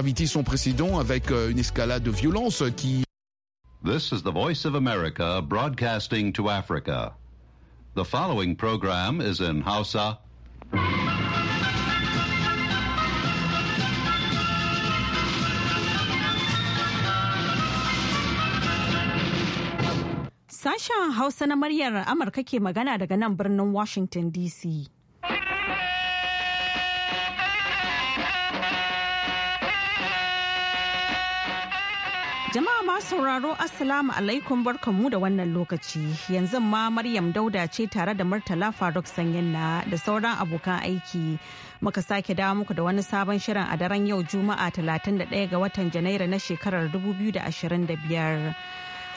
invité son précédent avec euh, une escalade de violence qui... This is the voice of America broadcasting to Africa. The following program is in Hausa. Sashen Hausa na muryar Amurka ke magana daga nan birnin Washington DC. sauraro Assalamu alaikum barkanmu da wannan lokaci. Yanzu ma Maryam Dauda ce tare da Murtala Faruk Sanyanna da sauran abokan aiki. Muka sake dawo muku da wani sabon shirin a daren yau Juma'a 31 ga watan Janairu na shekarar 2025.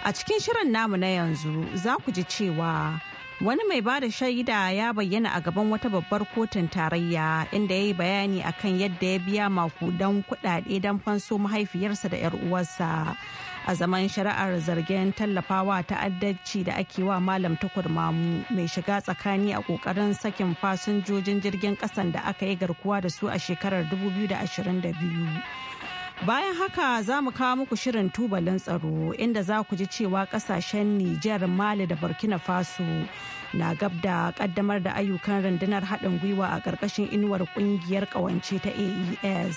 A cikin shirin namu na yanzu za ku ji cewa wani mai ba da shaida ya bayyana a gaban wata babbar kotun tarayya inda ya yi bayani akan yadda ya biya makudan kudade don fanso mahaifiyarsa da 'yar uwarsa. a zaman shari'ar zargin tallafawa ta'addanci da ake wa malam tukurmamu mai shiga tsakani a kokarin sakin fasinjojin jirgin kasan da aka yi garkuwa da su a shekarar 2022 bayan haka za mu kawo muku shirin tubalin tsaro inda za ku ji cewa kasashen nijar mali da burkina faso na gab da kaddamar da ayyukan rundunar haɗin gwiwa a ƙarƙashin inuwar ƙungiyar ƙawance ta aes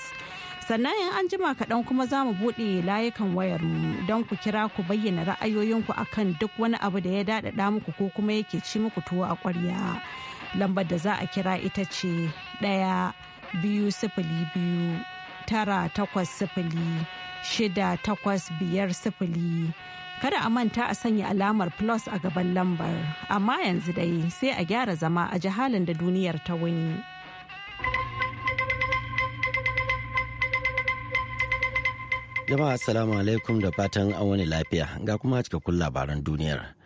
sannan in an jima kaɗan kuma za mu buɗe layukan wayar mu don ku kira ku bayyana ra'ayoyinku akan duk wani abu da ya daɗaɗa muku ko kuma yake ci muku tuwo a ƙwarya lambar da za a kira ita ce ɗaya biyu sifili biyu tara takwas sifili shida takwas biyar sifili kada a manta a sanya alamar plus a gaban lambar amma yanzu dai sai a gyara zama a jihalin da duniyar ta wuni. Jama'a assalamu alaikum da fatan an wani lafiya ga kuma cikakkun labaran duniyar.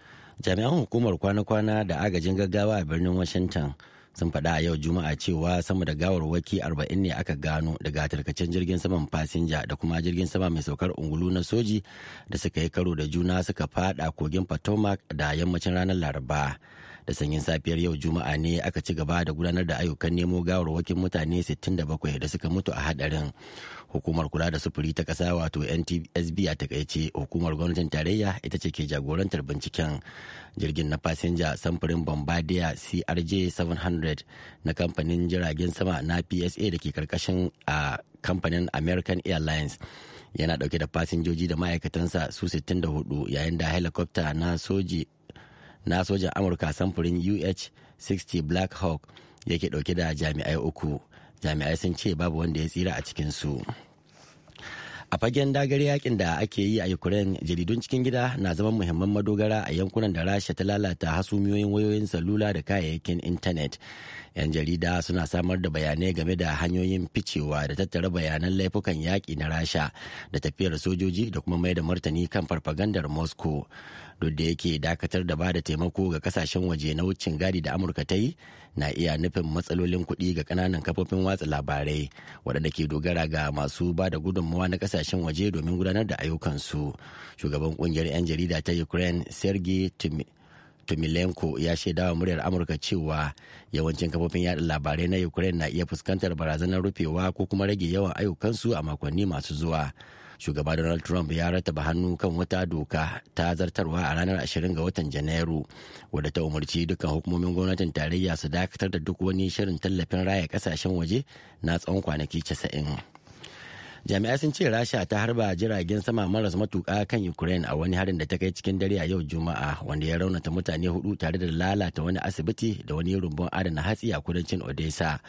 Jami'an hukumar kwana-kwana da agajin gaggawa a birnin Washington sun faɗa a yau Juma'a cewa sama da gawarwaki 40 ne aka gano daga tarkacen jirgin saman fasinja da kuma jirgin sama mai saukar ungulu na soji da suka yi karo da juna suka fada kogin Potomac da yammacin ranar Laraba. da sanyin safiyar yau juma'a ne aka ci gaba da gudanar da ayyukan nemo gawarwakin mutane 67 da suka mutu a hadarin hukumar kula da sufuri ta kasa wato ntsb a takaice hukumar gwamnatin tarayya ita ce ke jagorantar binciken jirgin na fasinja samfurin bombardier crj 700 na kamfanin jiragen sama na psa da ke karkashin a kamfanin american airlines yana dauke da fasinjoji da ma'aikatansa su 64 yayin da helicopter na soji na sojan amurka samfurin uh 60 black hawk yake dauke da jami'ai uku jami'ai sun ce babu wanda ya tsira a cikinsu a fagen dagar yakin da ake yi a ukraine jaridun cikin gida na zama muhimman madogara a yankunan da rasha ta lalata hasumiyoyin wayoyin salula da kayayyakin intanet yan jarida suna samar da bayanai game da hanyoyin ficewa da tattara bayanan laifukan yaƙi na rasha da tafiyar sojoji da kuma mai da martani kan farfagandar moscow duk da yake dakatar da bada taimako ga kasashen waje na wucin gadi da amurka ta yi na iya nufin matsalolin kuɗi ga ƙananan kafofin watsa labarai waɗanda ke dogara ga masu ba da gudunmawa na kasashen waje domin gudanar da ayyukansu shugaban ƙungiyar 'yan jarida ta ukraine sergey Tumilenko ya shaidawa muryar Amurka cewa yawancin kafofin yada labarai na Ukraine na iya fuskantar barazanar rufewa ko kuma rage yawan ayyukansu a makonni masu zuwa. shugaba donald trump ya rataba hannu kan wata doka ta zartarwa a ranar 20 ga watan janairu wadda ta umarci dukkan hukumomin gwamnatin tarayya su dakatar da duk wani shirin tallafin raya kasashen waje na tsawon kwanaki 90 jami'ai sun ce rasha ta harba jiragen sama maras matuka kan ukraine a wani harin da ta kai cikin dare a yau juma'a wanda ya raunata mutane hudu tare da lalata wani asibiti da wani rumbun adana hatsi a kudancin odessa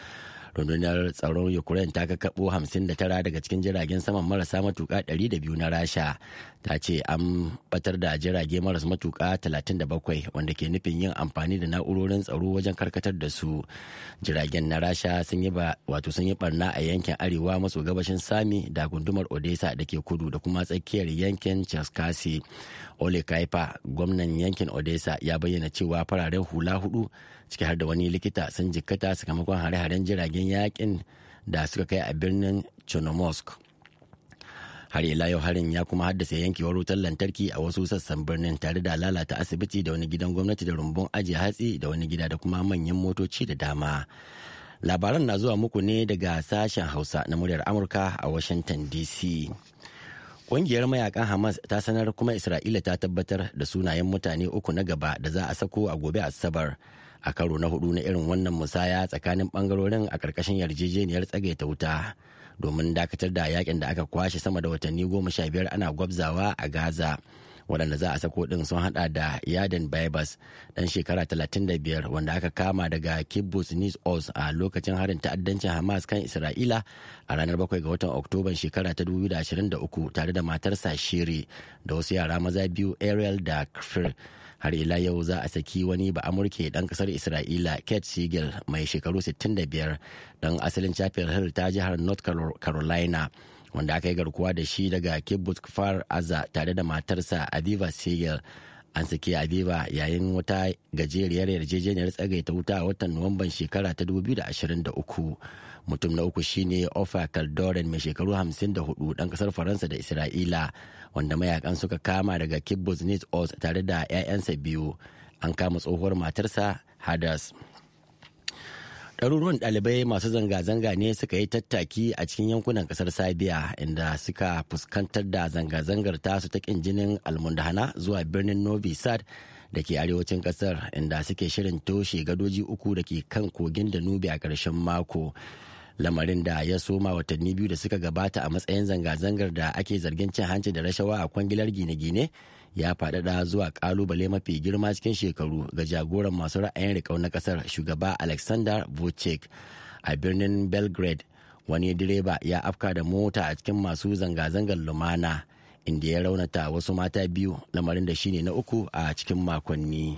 rundunar tsaron ukraine ta kakabo 59 daga cikin jiragen saman marasa matuka 200 na rasha ta ce an batar da jirage marasa matuka 37 wanda ke nufin yin amfani da na'urorin tsaro wajen karkatar da su jiragen na rasha sun yi wato sun barna a yankin arewa maso gabashin sami da gundumar odessa da ke kudu da kuma tsakiyar yankin chaskasi ole kaifa gwamnan yankin odessa ya bayyana cewa fararen hula hudu ciki har da wani likita sun jikkata sakamakon hare-haren jiragen yakin da suka kai a birnin chernomorsk har ila yau harin ya kuma haddasa yankewar wutar lantarki a wasu sassan birnin tare da lalata asibiti da wani gidan gwamnati da rumbun ajiye hatsi da wani gida da kuma manyan motoci da dama labaran na zuwa muku ne daga sashen hausa na muryar amurka a washington dc kungiyar mayakan Hamas ta sanar kuma Isra'ila ta tabbatar da sunayen mutane uku na gaba da za a sako a gobe Asabar a karo na hudu na irin wannan musaya tsakanin bangarorin a karkashin yarjejeniyar tsagaita wuta domin dakatar da yakin da aka kwashe sama da watanni goma sha biyar ana gwabzawa a gaza waɗanda za a sako ɗin sun hada da yadin baibas dan shekara 35 wanda aka kama daga kibbutz nis os a lokacin harin ta'addancin hamas kan isra'ila a ranar 7 ga watan oktoban shekara ta 2023 tare da matarsa shiri da wasu yara maza biyu ariel da kfir har ila yau za a saki wani ba amurke dan kasar isra'ila kate siegel mai shekaru 65 dan asalin chapel hill ta jihar north carolina wanda aka yi garkuwa da shi daga kibbutz kfar aza tare da matarsa aviva siegel an saki aviva yayin wata gajeriyar yarjejeniyar tsagaita wuta a watan nuwamban shekara ta 2023 mutum na uku shine ofa kaldoren mai shekaru 54 dan kasar faransa da isra'ila wanda mayakan suka kama daga kibbutz nit oz tare da 'ya'yansa biyu an kama tsohuwar matarsa hadas ɗaruruwan ɗalibai masu zanga-zanga ne suka yi tattaki a cikin yankunan ƙasar sabiya inda suka fuskantar da zanga-zangar tasu ta ƙin jinin almundahana zuwa birnin novi sad da ke arewacin ƙasar inda suke shirin toshe gadoji uku da ke kan kogin danubi a ƙarshen mako lamarin da ya soma watanni biyu da suka gabata a matsayin zanga-zangar da ake zargin cin hanci da rashawa a kwangilar gine-gine ya faɗaɗa zuwa ƙalubale mafi girma cikin shekaru ga jagoran masu ra'ayin riƙau na ƙasar shugaba alexander vucic a birnin belgrade wani direba ya afka da mota a cikin masu zanga-zangar lumana inda ya raunata wasu mata biyu lamarin da shine na uku a cikin makonni.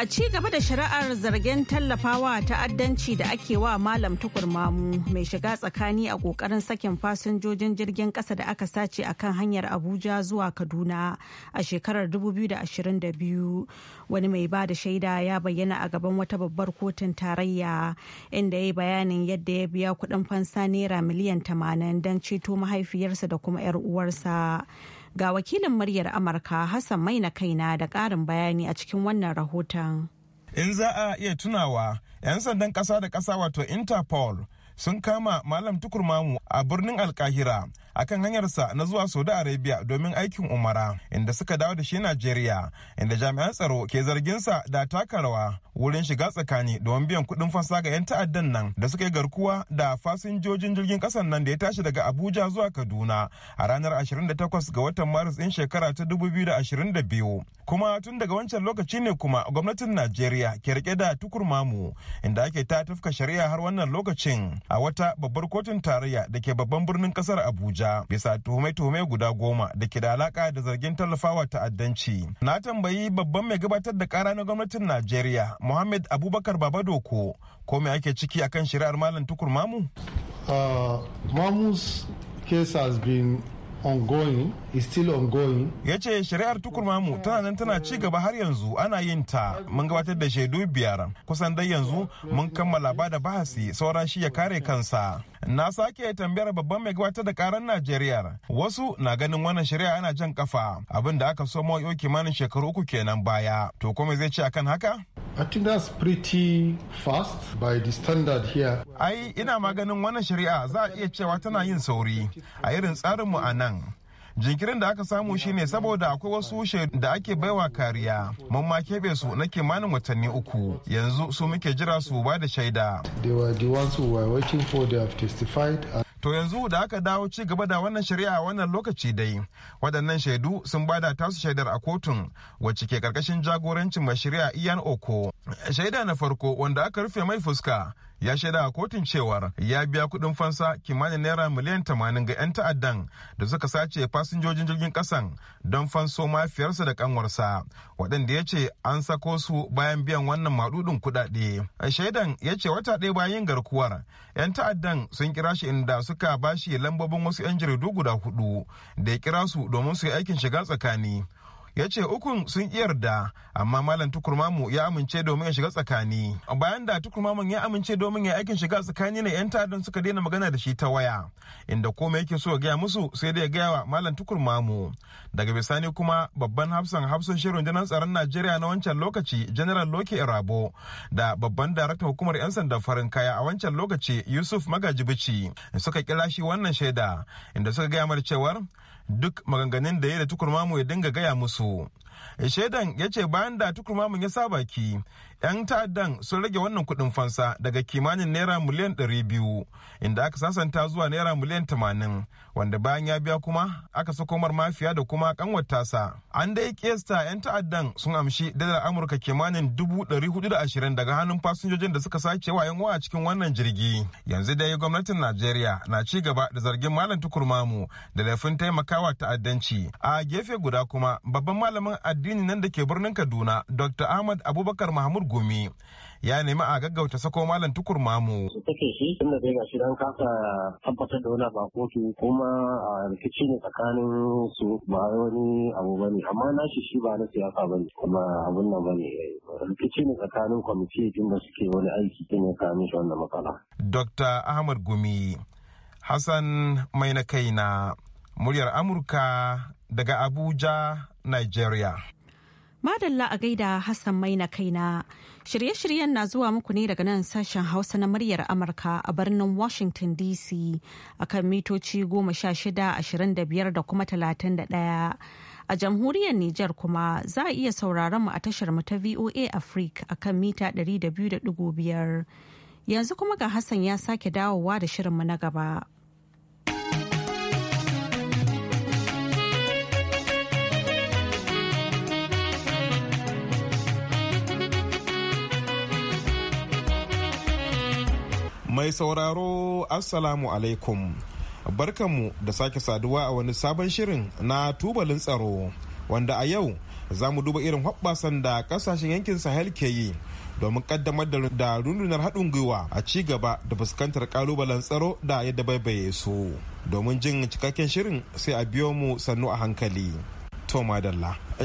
A ci gaba da shari'ar zargin tallafawa ta'addanci da ake wa Malam tukurmamu mai shiga tsakani a kokarin sakin fasinjojin jirgin ƙasa da aka sace a kan hanyar Abuja zuwa Kaduna a shekarar 2022. Wani mai ba da shaida ya bayyana a gaban wata babbar kotun tarayya inda ya yi bayanin yadda ya biya kuɗin fansa naira miliyan 80 don ceto mahaifiyarsa da kuma 'yar uwarsa. Ga wakilin muryar Amurka Hassan mai Maina Kaina da ƙarin bayani a cikin wannan rahoton. In za a iya tunawa, 'yan sandan kasa da kasa wato Interpol sun kama Malam Tukurmamu a birnin Alkahira a kan hanyarsa na zuwa saudi arabia domin aikin umara inda suka dawo da shi najeriya inda jami'an tsaro ke zarginsa da taka rawa wurin shiga tsakani domin biyan kudin fansa ga 'yan ta'addan nan da suka yi garkuwa da fasinjojin jirgin kasan nan da ya tashi daga abuja zuwa kaduna a ranar 28 ga watan maris din shekara ta 2022 kuma tun daga wancan lokaci ne kuma gwamnatin najeriya ke rike da tukurmamu inda ake ta tafka shari'a har wannan lokacin a wata babbar kotun tarayya da ke babban birnin kasar abuja Abuja bisa tuhume-tuhume guda goma da ke da alaka da zargin tallafawa ta'addanci. Na tambayi babban mai gabatar da kara na gwamnatin Najeriya Muhammad Abubakar Babadoko ko me ake ciki akan shari'ar Malam Tukur Mamu? Uh, Mamu's case has been ongoing is still ongoing ya ce shari'ar tukurmamu tana nan tana ci gaba har yanzu ana yin ta mun gabatar da shaidu biyar kusan dai yanzu mun kammala bada bahasi saura shi ya kare kansa na sake tambayar babban mai gabatar da karan najeriya wasu na ganin wannan shari'a yana jan kafa abin da aka so mawayo kimanin shekaru uku kenan baya to kuma zai ce akan haka I think that's pretty fast by the standard here. Ai, ina maganin wannan shari'a za a iya cewa tana yin sauri a irin tsarinmu a nan. jinkirin da aka samu shine saboda akwai wasu shaidu da ake baiwa kariya mun ma kebe su na kimanin watanni uku yanzu su muke jira su ba da shaida To yanzu da aka dawo ci gaba da wannan shari'a wannan lokaci dai, waɗannan shaidu sun bada tasu shaidar a kotun wacce ke ƙarƙashin jagorancin mai shari'a Ian Oko. Shaida na farko wanda aka rufe mai fuska ya shaida a kotun cewar ya biya kuɗin fansa kimanin naira miliyan tamanin ga 'yan ta'addan da suka sace fasinjojin jirgin ƙasan don fanso mafiyarsa da kanwarsa waɗanda ya ce an sako su bayan biyan wannan maɗuɗin kuɗaɗe. Shaidan ya ce wata ɗaya bayan yin garkuwar 'yan ta'addan sun kira shi inda suka bashi lambobin wasu 'yan jaridu guda hudu da ya kira su domin su yi aikin shiga tsakani. ya ce ukun sun yarda amma malam tukurmamu ya amince domin ya shiga tsakani bayan da tukurmamun ya amince domin ya aikin shiga tsakani ne yan tadin suka daina magana da shi ta waya inda kome yake so gaya musu sai dai ya gaya wa malam tukurmamu daga bisani kuma babban hafsan hafsan shirin janar tsaron najeriya na wancan lokaci general loke irabo da babban daraktan hukumar yan sanda farin kaya a wancan lokaci yusuf magajibici suka kira shi wannan shaida inda suka gaya mar cewar duk maganganun da ya da tukurmamu ya dinga gaya musu Shaidan ya ce bayan da tukurmamin ya sa baki 'yan ta'addan sun rage wannan kuɗin fansa daga kimanin naira miliyan 200 inda aka sasanta zuwa naira miliyan 80 wanda bayan ya biya kuma aka sako mafiya da kuma kanwar tasa an dai kiyasta 'yan ta'addan sun amshi dalar amurka kimanin 420 daga hannun fasinjojin da suka sace wa 'yan uwa cikin wannan jirgi yanzu dai gwamnatin najeriya na ci gaba da zargin malam tukurmamu da laifin taimakawa ta'addanci a gefe guda kuma babban malamin addini nan da ke birnin kaduna dr ahmad abubakar mahmud gumi ya nemi a gaggauta sako malam tukur mamu. Kake shi inda dai gashi dan kasa tabbatar da wani ba kotu kuma a rikici ne tsakanin su ba wani abu ba ne amma na shi shi ba na siyasa ba ne kuma abun nan ba ne rikici ne tsakanin kwamiti din da suke wani aiki din ya kawo shi wannan matsala. Dr. Ahmad Gumi Hassan mai na kaina muryar Amurka daga Abuja, Nigeria. Madalla a gaida Hassan Maina kaina. Shirye-shiryen na zuwa muku ne daga nan sashen Hausa na muryar Amurka a birnin Washington DC akan mitoci goma sha shida ashirin da biyar da kuma talatin da ɗaya. A jamhuriyar Nijar kuma za a iya sauraron mu a tashar mu ta VOA Africa akan mita ɗari da biyu da biyar. Yanzu kuma ga Hassan ya sake dawowa da shirin mu na gaba. Mai sauraro Assalamu alaikum. Barkanmu da sake saduwa a wani sabon shirin na tubalin tsaro wanda a yau za mu duba irin hoɓɓasan da ƙasashen yankin Sahel ke yi domin kaddamar da rundunar haɗin gwiwa a ci gaba da fuskantar ƙalubalen tsaro da ya dabaibaye su. Domin jin cikakken shirin sai a biyo mu sannu a hankali.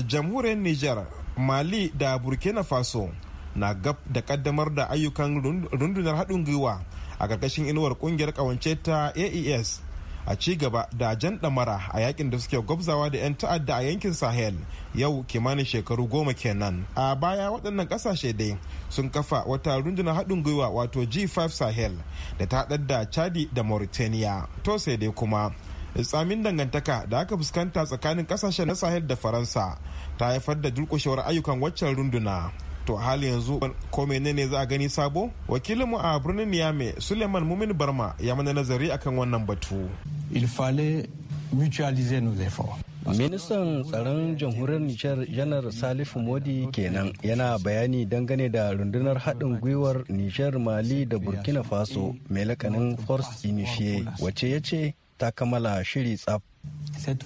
Jamhuriyar Nijar, Mali da Burkina Faso na gab da kaddamar da ayyukan rundunar haɗin gwiwa a ƙarƙashin inuwar ƙungiyar ƙawance ta aes a ci gaba da jan ɗamara a yakin da suke gwabzawa da 'yan ta'adda a yankin sahel yau kimanin shekaru goma kenan a baya waɗannan ƙasashe dai sun kafa wata rundunar haɗin gwiwa wato g5 sahel da ta haɗar da chadi da mauritania to sai dai kuma tsamin dangantaka da aka fuskanta tsakanin ƙasashen na sahel da faransa ta haifar da durƙushewar ayyukan waccan runduna to a halin yanzu ko menene za a gani sabo wakilin mu a birnin niamey suleiman mumin barma ya mana nazari akan wannan batu il fallait mutualiser nos efforts ministan tsaron jamhuriyar nijar janar salifu modi kenan yana bayani dangane da rundunar haɗin gwiwar nijar mali da burkina faso mai lakanin force unifiée wacce ya ce ta kammala shiri tsaf cette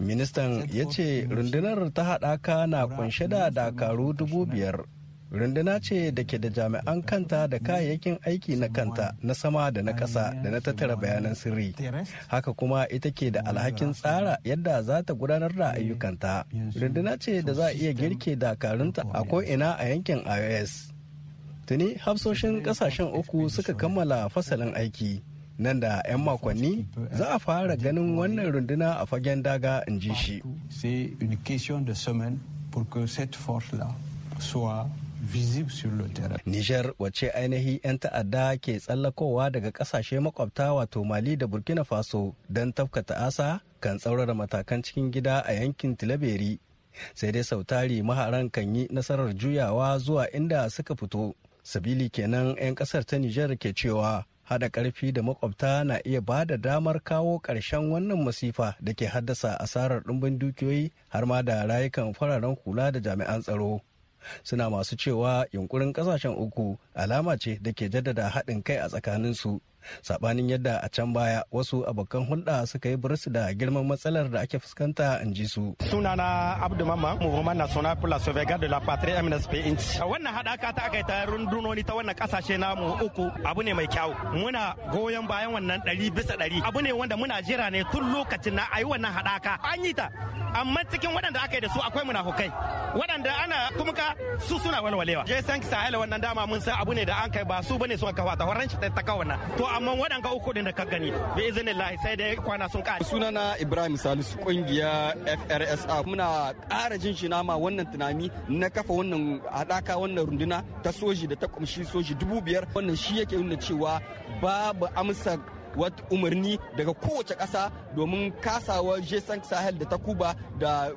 ministan ya ce rundunar ta haɗaka na kunshe da dakaru dubu biyar runduna ce da ke da jami'an kanta da kayayyakin aiki na kanta na sama da na ƙasa da na tattara bayanan sirri haka kuma ita ke da alhakin tsara yadda za ta gudanar da ayyukanta runduna ce da za a iya girke dakarunta a ko'ina a yankin ios tuni hafsoshin ƙasashen uku suka kammala fasalin aiki nan da 'yan makonni za a fara ganin wannan runduna a fagen daga in ji shi Nijar wace ainihi 'yan ta'adda ke tsallakowa daga kasashe makwabta wato Mali da Burkina Faso don tafka ta'asa kan tsaurara matakan cikin gida a yankin Tilaberi. Sai dai sautari maharan kan yi nasarar juyawa zuwa inda suka fito. Sabili kenan 'yan kasar ta Nijar ke cewa haɗa ƙarfi da makwabta na iya ba da damar kawo ƙarshen wannan masifa da ke haddasa asarar ɗumbin dukiyoyi har ma da rayukan fararen kula da jami'an tsaro suna masu cewa yunkurin ƙasashen uku alama ce da ke jaddada haɗin kai a tsakaninsu sabanin yadda a can baya wasu abokan hulɗa suka yi burusu da girman matsalar da ake fuskanta in ji su sunana abdu mama movement na pour la sauvegarde de la patrie mnsp inch wannan haɗaka ta aka yi ta rundunoni ta wannan kasashe namu uku abu ne mai kyau muna goyon bayan wannan ɗari bisa ɗari abu ne wanda muna jira ne tun lokacin na a yi wannan haɗaka an yi ta amma cikin waɗanda aka yi da su akwai munafukai waɗanda ana kuma su suna walwalewa je san sahel wannan dama mun san abu ne da an kai ba su bane suka kafa ta horon shi ta kawo wannan to amma waɗanka uku ɗin da ka gani bi lahi sai dai kwana sun suna na ibrahim salisu ƙungiya frsa muna ƙara jin shi nama wannan tunani na kafa wannan haɗaka wannan runduna ta soji da ta ƙumshi soji dubu biyar wannan shi yake nuna cewa babu amsa wata umarni daga kowace ƙasa domin kasawa jesan sahel da ta kuba da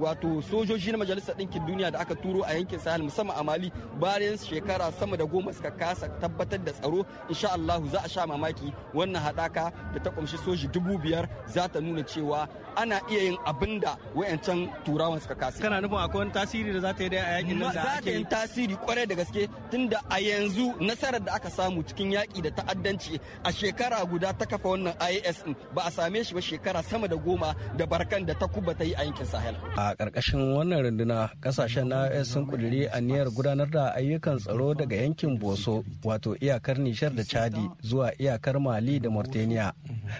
wato sojoji na majalisar ɗinkin duniya da aka turo a yankin sahel musamman a mali bayan shekara sama da goma suka kasa tabbatar da tsaro insha Allah za a sha mamaki wannan haɗaka da ta kumshi soji dubu biyar za ta nuna cewa ana iya yin abin da wayancan turawan suka kasa kana nufin akwai wani tasiri da za ta yi da a yakin nan da za ta yi tasiri kwarai da gaske tunda a yanzu nasarar da aka samu cikin yaƙi da ta'addanci a shekara guda ta kafa wannan IAS ba a same shi ba shekara sama da goma da barkan da ta kuba ta yi a yankin Sahel. a ƙarƙashin wannan runduna ƙasashen na us sun ƙudiri aniyar gudanar da ayyukan tsaro daga yankin boso wato iyakar nishar da chadi zuwa iyakar mali da mauritania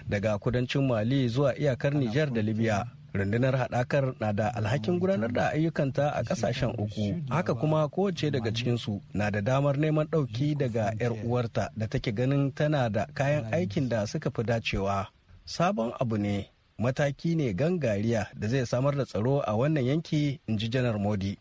daga kudancin mali zuwa iyakar nijar da libya rundunar haɗakar na da alhakin gudanar da ayyukanta a ƙasashen uku haka kuma kowace daga cikinsu na da damar neman ɗauki daga 'yar uwarta da take ganin tana da kayan aikin da suka fi dacewa sabon abu ne mataki ne gangariya da zai samar da tsaro a wannan yanki in ji janar modi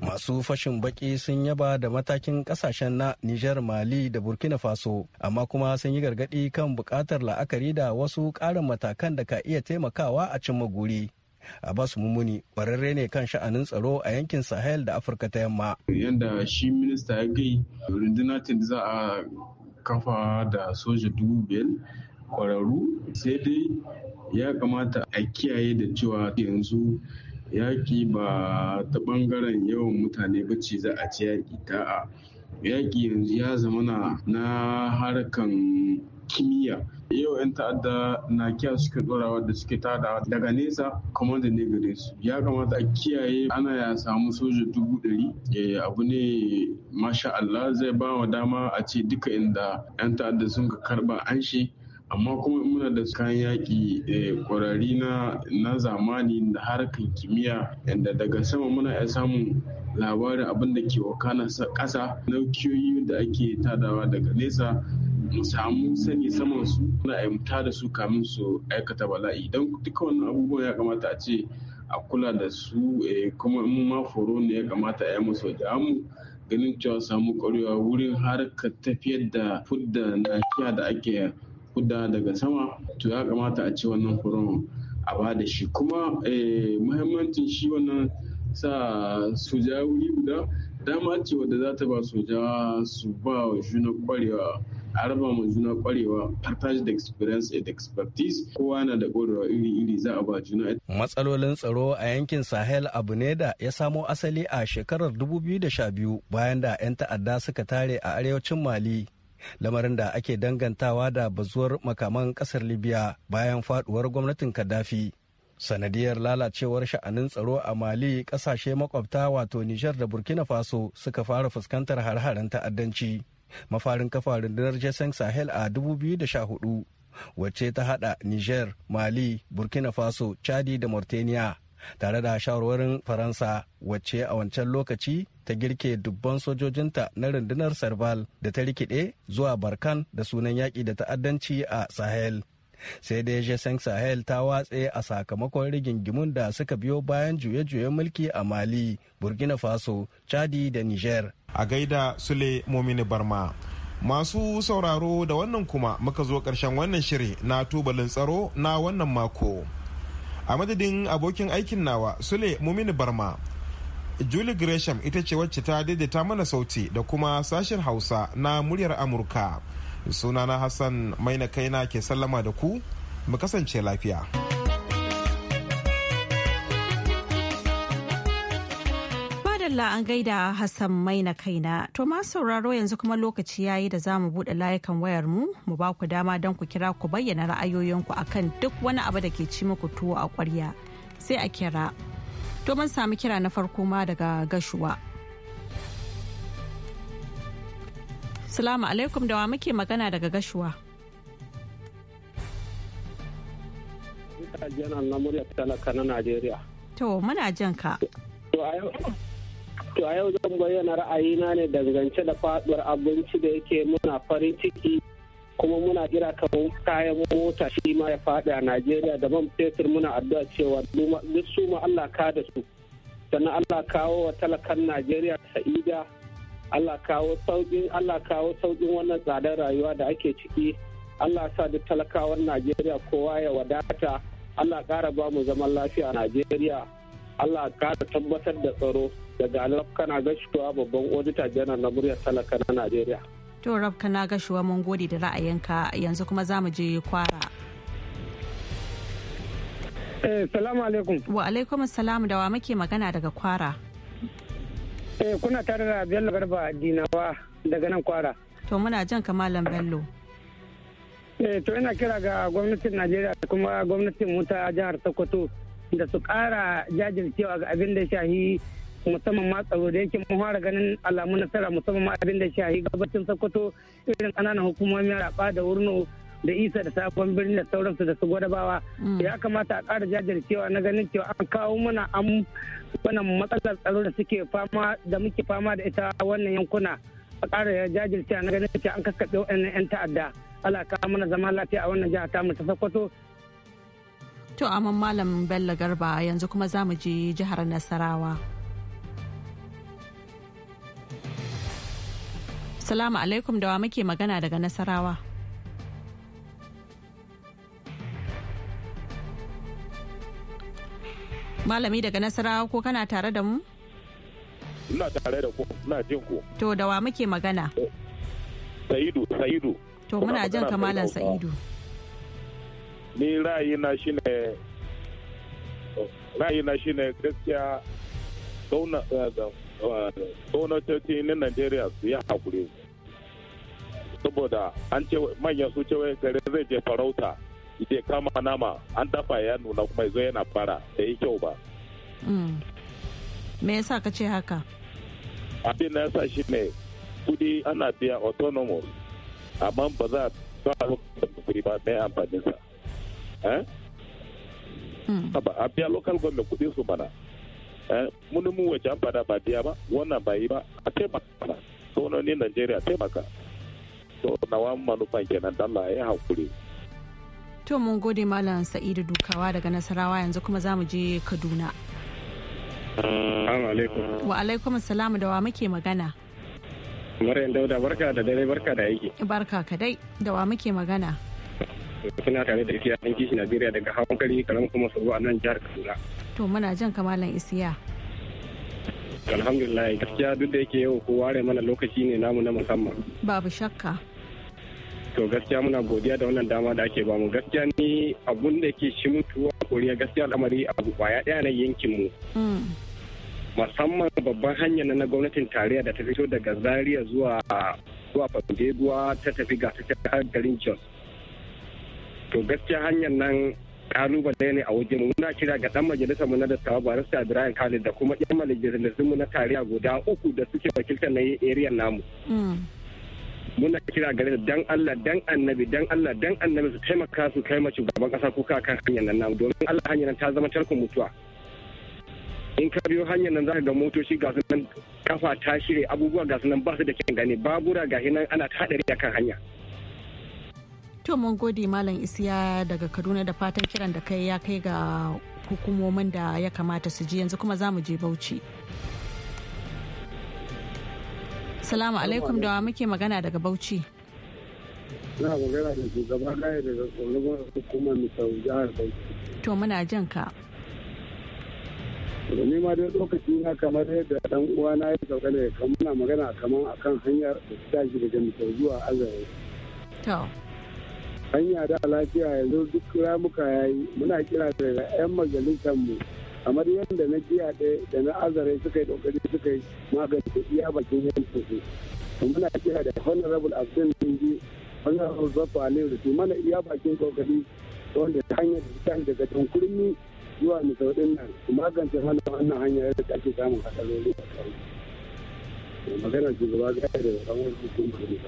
Masu fashin baki sun yaba da matakin kasashen na Nijar Mali da Burkina Faso, amma kuma sun yi gargadi kan bukatar la'akari da wasu karin matakan da ka iya taimakawa a cimma guri. a basu Mumuni kwararre ne kan sha'anin tsaro a yankin Sahel da Afirka ta Yamma. yadda shi minista ya gai rundunar za a kafa da soja dubu biyar kwararru sai dai ya kamata a kiyaye da cewa yanzu yaƙi ba ta ɓangaren yawan mutane ba ce za a ci yaƙi ta a yaƙi yanzu ya zama na harkan kimiyya yau 'yan ta'adda na kiya suke dorawa da suke tada daga nesa kamar da ne gare su ya kamata a kiyaye ana ya samu soja dubu ɗari eh, abu ne masha Allah zai ba wa dama a ce duka inda 'yan ta'adda sun ka karba an shi amma kuma muna da kayan yaƙi eh, kwararri na zamani da harkar kimiyya Inda daga sama muna iya samun labarin abin da ke wakana ƙasa naukiyoyi da ake tadawa daga nesa mu samu sani saman su na aimta da su kamin su aikata bala'i don duka wannan abubuwan ya kamata a ce a kula da su eh, kuma in ma foro ne ya kamata a yi musu mu ganin cewa samu ƙwarewa wurin harkar tafiyar da fudda na kiya da ake fudda daga sama to ya kamata a ce wannan foron a ba da shi kuma eh, muhimmancin shi wannan sa su wuri guda dama ce wadda za ta ba su su ba wa juna kwarewa a raba ma juna kwarewa partage da experience and expertise kowa na da kwarewa iri-iri za a ba juna. matsalolin tsaro a yankin sahel abu ne da ya samo asali a shekarar 2012 bayan da 'yan ta'adda suka tare a arewacin mali lamarin da ake dangantawa da bazuwar makaman kasar libya bayan faduwar gwamnatin kaddafi sanadiyar lalacewar sha'anin tsaro a mali kasashe makwabta wato nijar da burkina faso suka fara fuskantar har-haren ta'addanci mafarin kafa rundunar jason sahel a 2014 wacce ta hada niger mali burkina faso chadi da mauritania tare da shawarwarin faransa wacce a wancan lokaci ta girke dubban sojojinta na rundunar serval da ta rikide zuwa barkan da sunan yaƙi da ta'addanci a sahel sai dai jason sahel ta watse a sakamakon rigingimun da suka biyo bayan juye-juyen mulki a mali burkina faso chadi da niger a gaida sule momini barma masu sauraro da wannan kuma muka zo karshen wannan shiri na tubalin tsaro na wannan mako a madadin abokin aikin nawa sule momini barma julie gresham ita ce wacce ta daidaita mana sauti da kuma sashen hausa na muryar amurka sunana hassan maina kaina ke sallama da ku mu kasance lafiya Allah an gaida hassan na kaina to ma sauraro yanzu kuma lokaci ya yi da za mu buɗe layukan wayar mu mu ba ku dama don ku kira ku bayyana ra'ayoyinku kan duk wani abu da ke ci muku tuwo a ƙwarya sai a kira to mun sami kira na farko ma daga gashuwa Salamu alaikum da wa muke magana daga gashuwa. To muna jan ka. To a yau zan bayyana ra'ayina ne dangance da faduwar abinci da yake muna farin ciki kuma muna jira kamar kayan mota shi ma ya faɗi a Najeriya da man fetur muna addu'a cewa duk su ma Allah ka da su. Sannan Allah kawo wa talakan Najeriya sa'ida Allah kawo sauƙin Allah kawo sauƙin wannan tsadar rayuwa da ake ciki Allah sa duk talakawan Najeriya kowa ya wadata Allah ƙara ba mu zaman lafiya a Najeriya Allah ƙara tabbatar da tsaro daga Alraf kana gashuwa babban odita janar na muryar talaka na Najeriya. To Rab kana gashuwa mun gode da ra'ayinka yanzu kuma za mu je kwara. Eh, salamu alaikum. Wa alaikum salam da wa muke magana daga kwara. Eh kuna tare da Bello Garba Dinawa daga nan kwara. To muna jan kamalan Bello. Eh to ina kira ga gwamnatin Najeriya da kuma gwamnatin mu ta jihar Sokoto da su kara jajircewa ga abin da shahi musamman ma tsaro da yake mun fara ganin alamun nasara musamman ma abin da shahi gabacin Sokoto irin kananan hukumomi raba da wurno da isa da sabon birni da sauransu da su gwadabawa mm. ya kamata a kara jajircewa na ganin cewa an kawo mana an wannan matsalar tsaro da suke fama da muke fama da ita wannan yankuna a ƙara jajircewa na ganin cewa an kaskaɓe wa'annan 'yan ta'adda Allah kawo mana zama lafiya a wannan jihar tamu ta Sokoto To aman Malam Bello Garba yanzu kuma za mu je jihar Nasarawa. Salamu alaikum da wa muke magana daga Nasarawa. Malami daga Nasarawa ko kana tare da mu? Ina tare da ku, ina jin ku. To da wa muke magana? Eh, Sa'idu, Sa'idu. To muna jin ka Malam Sa'idu. Ni ra'ayina shine ra'ayina shine gaskiya eh, eh, gwamnatoci na Najeriya su yi hakuri. Saboda an ce manyan su ce gari zai je farauta. ita kama nama an dafa ya nuna kuma zo yana fara da yi kyau ba. Mm. Me yasa ka ce haka? Abin na yasa shi ne kudi ana biya autonomous amma ba za a lokacin kudi ba mai amfaninsa. Eh? Mm. A biya local government kudi su mana. munumun eh, mu an ba biya ba wannan ba yi ba a taimaka. Sononin Najeriya taimaka. To nawa manufan kenan dalla ya hakuri. To mun gode Malam Sa'idu Dukawa daga Nasarawa yanzu kuma za mu je Kaduna. Wa alaikum salamu da wa muke magana. Maryam Dauda barka da dare barka da aiki. Barka kadai da wa muke magana. Suna tare da Isiya ɗan kishi Najeriya daga hawan kari karam kuma su a nan jihar Kaduna. To muna jan kamalan Isiya. Alhamdulillah gaskiya duk da yake yau ko ware mana lokaci ne namu na musamman. Babu shakka. to gaskiya muna godiya da wannan dama da ake bamu gaskiya ni abun da ke shi mutuwa koriya gaskiya al'amari a kwaya daya na yankin mu mm. musamman babban hanyar na gwamnatin tarayya da ta fito daga zaria zuwa zuwa fadeguwa ta tafi ga ta har garin jos to gaskiya hanyar nan kalubale ne a wajen muna kira ga dan majalisar mu na dattawa barista Ibrahim Khalid da kuma yan majalisar mu na tarayya guda uku da suke wakiltar na area namu mm. muna kira gare da dan Allah dan annabi dan Allah dan annabi su taimaka su kai mace gaban kasa kuka kan hanyar nan domin Allah hanyar nan ta zama tarkon mutuwa in ka biyo hanyar nan za ka ga motoci ga nan kafa ta shirye abubuwa ga nan ba su da kyan gane babura ga nan ana ta hadari akan hanya to mun gode malam isiya daga kaduna da fatan kiran da kai ya kai ga hukumomin da ya kamata su ji yanzu kuma za mu je bauchi Salamu alaikum da muke magana daga Bauchi. na magana da shugaba gaya daga tsoron hukumar misau jihar Bauchi. To muna jin ka. Domin ma dai lokaci na kamar yadda dan uwana yi sauka ne muna magana kamar akan hanyar da ta shi daga misau zuwa azare. To. Hanya da lafiya yanzu duk ramuka ya yi muna kira daga 'yan majalisar mu kamar yadda na jiya da na azare suka yi kokari suka yi magance iya bakin yankin su muna kira da honorable abdul ninji honorable zafi aliyu da su mana iya bakin kokari wanda ta hanyar da daga tunkurmi zuwa misaudin nan su magance mana wannan hanyar da ake samun hatsaloli a kawai magana shugaba ga da kawai hukumar ne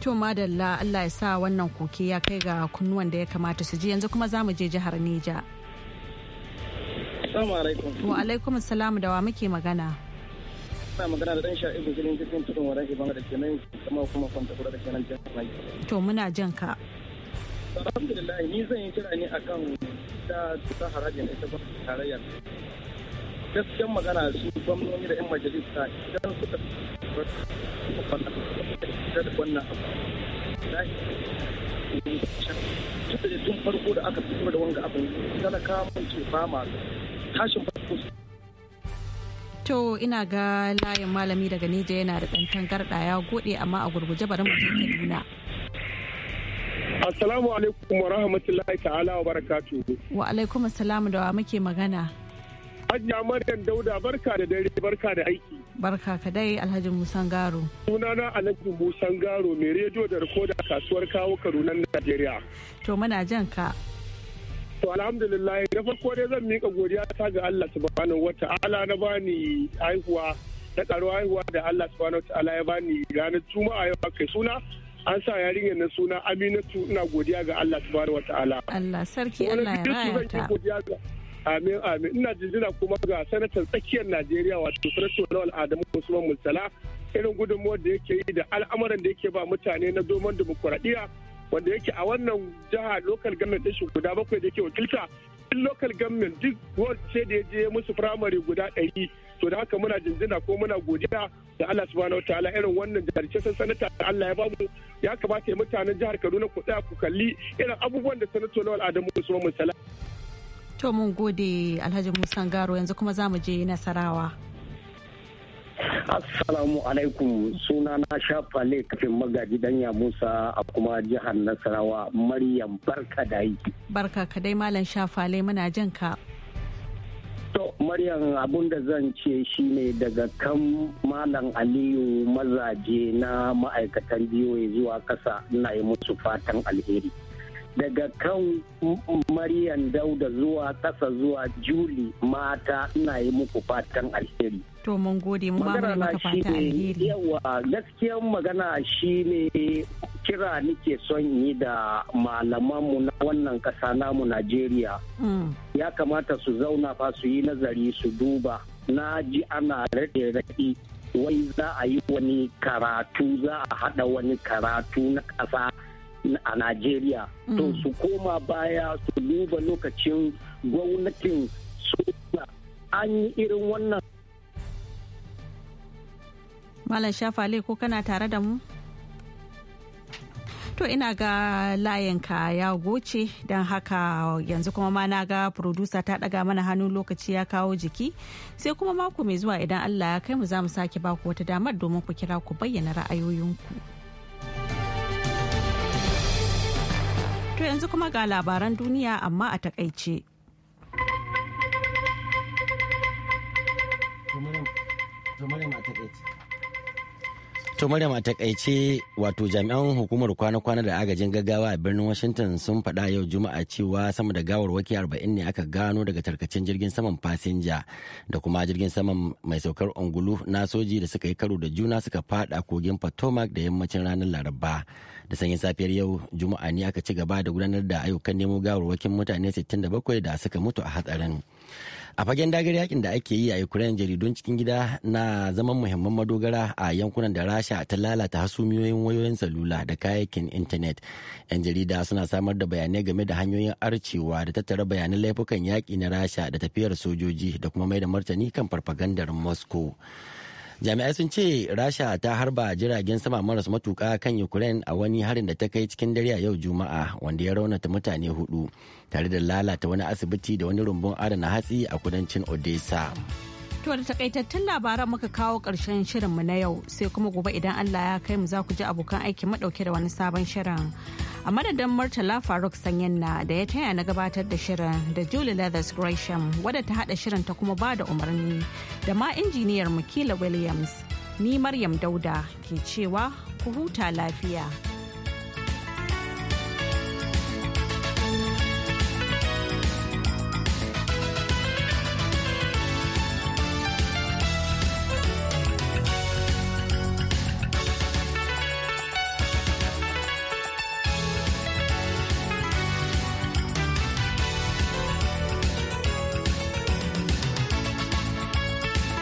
to madalla Allah ya sa wannan koke ya kai ga kunnuwan da ya kamata su ji yanzu kuma za mu je jihar Neja. Assalamu alaikum. Wa alaikum assalam da wa muke magana. Ina magana da dan sha'ibu gidan cikin tudun wadan ibanga da kenan kuma kuma kwanta kura da kenan jihar Mai. To muna jan ka. Alhamdulillah ni zan yi kira ne akan ta ta harajin ita ba tarayya. Gaskiyar magana su gwamnoni da 'yan majalisa idan suka da wannan abu. tun farko da aka fito da wanga abin talaka mun ce ba ma tashin farko to ina ga layin malami daga Nija yana da ɗan tangarɗa ya gode amma a gurguje bari mu je Kaduna. Assalamu alaikum wa rahmatullahi ta'ala wa barakatuhu. Wa alaikum assalam da wa muke magana. Hajji Maryam Dauda barka da dare barka da aiki. Barka ka dai Alhaji Musan Garo. Sunana Alhaji Musan Garo mai rediyo da rikoda kasuwar kawo Kadunan Najeriya. To muna jan ka. To alhamdulillah na farko dai zan mika godiya ta ga Allah subhanahu ta'ala na bani haihuwa na karuwa haihuwa da Allah subhanahu ta'ala ya bani ranar juma'a yau kai suna an sa yarinyar na suna Aminatu ina godiya ga Allah subhanahu ta'ala. Allah sarki Allah ya raya ta. Amin amin ina jinjina kuma ga sanatar tsakiyar Najeriya wato sanatar Lawal Adamu Usman Murtala irin gudunmuwar da yake yi da al'amuran da yake ba mutane na domin dimokuraɗiyya wanda yake a wannan jiha local government ɗin guda bakwai da yake wakilta in local government duk ward sai da ya je musu firamare guda ɗari to da haka muna jinjina ko muna godiya da Allah subhanahu wataala irin wannan san sanata da Allah ya bamu ya kamata mutanen jihar Kaduna ku tsaya ku kalli irin abubuwan da sanato Lawal Adamu Usman Musala. To mun gode Alhaji Musa Garo yanzu kuma za mu je Nasarawa. Assalamu alaikum suna na shafa ne kafin magaji ya Musa a kuma jihar Nasarawa Maryam barka da yi. Barka ka dai malam shafa muna jin ka. To Maryam abun da zan ce shi ne daga kan malam Aliyu mazaje na ma'aikatan biyoyi zuwa kasa ina yi musu fatan alheri. daga kan Maryam Dauda zuwa ƙasa zuwa Juli mata ina yi muku fatan alheri. To mun gode mu ba mu maka fatan alheri. Yawa gaskiyan magana shine kira nike son yi da malaman mu na wannan ƙasa namu Najeriya. Mm. Ya kamata su zauna fa su yi nazari su duba. Na ji ana raɗe-raɗi wai za a yi wani karatu za a haɗa wani karatu na ƙasa a Najeriya. To mm. su koma baya su duba lokacin gwamnatin soja an yi irin wannan. Malam Shafale ko kana tare da mu? To ina ga layinka ya goce don haka yanzu kuma ma na ga producer ta daga mana hannu lokaci ya kawo jiki sai kuma mako mai zuwa idan Allah ya kai mu za mu sake baku wata damar domin ku kira ku bayyana ra'ayoyinku. To yanzu kuma ga labaran duniya amma a takaice. a takaice. To Maryam a takaice wato jami'an hukumar kwana-kwana da agajin gaggawa a birnin Washington sun faɗa yau Juma'a cewa sama da gawarwaki 40 ne aka gano daga tarkacen jirgin saman fasinja da kuma jirgin saman mai saukar ungulu na soji da suka yi karo da juna suka fada kogin Potomac da yammacin ranar Laraba. Da sanyin safiyar yau Juma'a ne aka ci gaba da gudanar da ayyukan nemo gawarwakin mutane 67 da suka mutu a hatsarin. a fagen dagar yakin da ake yi a ukraine jaridun cikin gida na zaman muhimman madogara a yankunan da rasha ta lalata hasumiyoyin wayoyin salula da kayayyakin intanet yan jarida suna samar da bayanai game da hanyoyin arcewa da tattara bayanan laifukan yaƙi na rasha da tafiyar sojoji da kuma mai da martani kan farfagandar moscow jami'ai sun ce rasha ta harba jiragen sama maras matuka kan ukraine a wani harin da ta kai cikin dare yau juma'a wanda ya raunata mutane hudu tare da lalata wani asibiti da wani rumbun adana hatsi a kudancin odessa To da takaitattun labaran muka kawo ƙarshen shirinmu na yau sai kuma gobe idan Allah ya kai mu za ku ji abokan aiki madauke da wani sabon shirin. A madadin Murtala Faruk Sanyanna da ya taya na gabatar da shirin da Julie Leathers Gresham wadda ta haɗa shirin ta kuma ba da umarni da ma injiniyar Makila Williams. Ni Maryam Dauda ke cewa ku huta lafiya.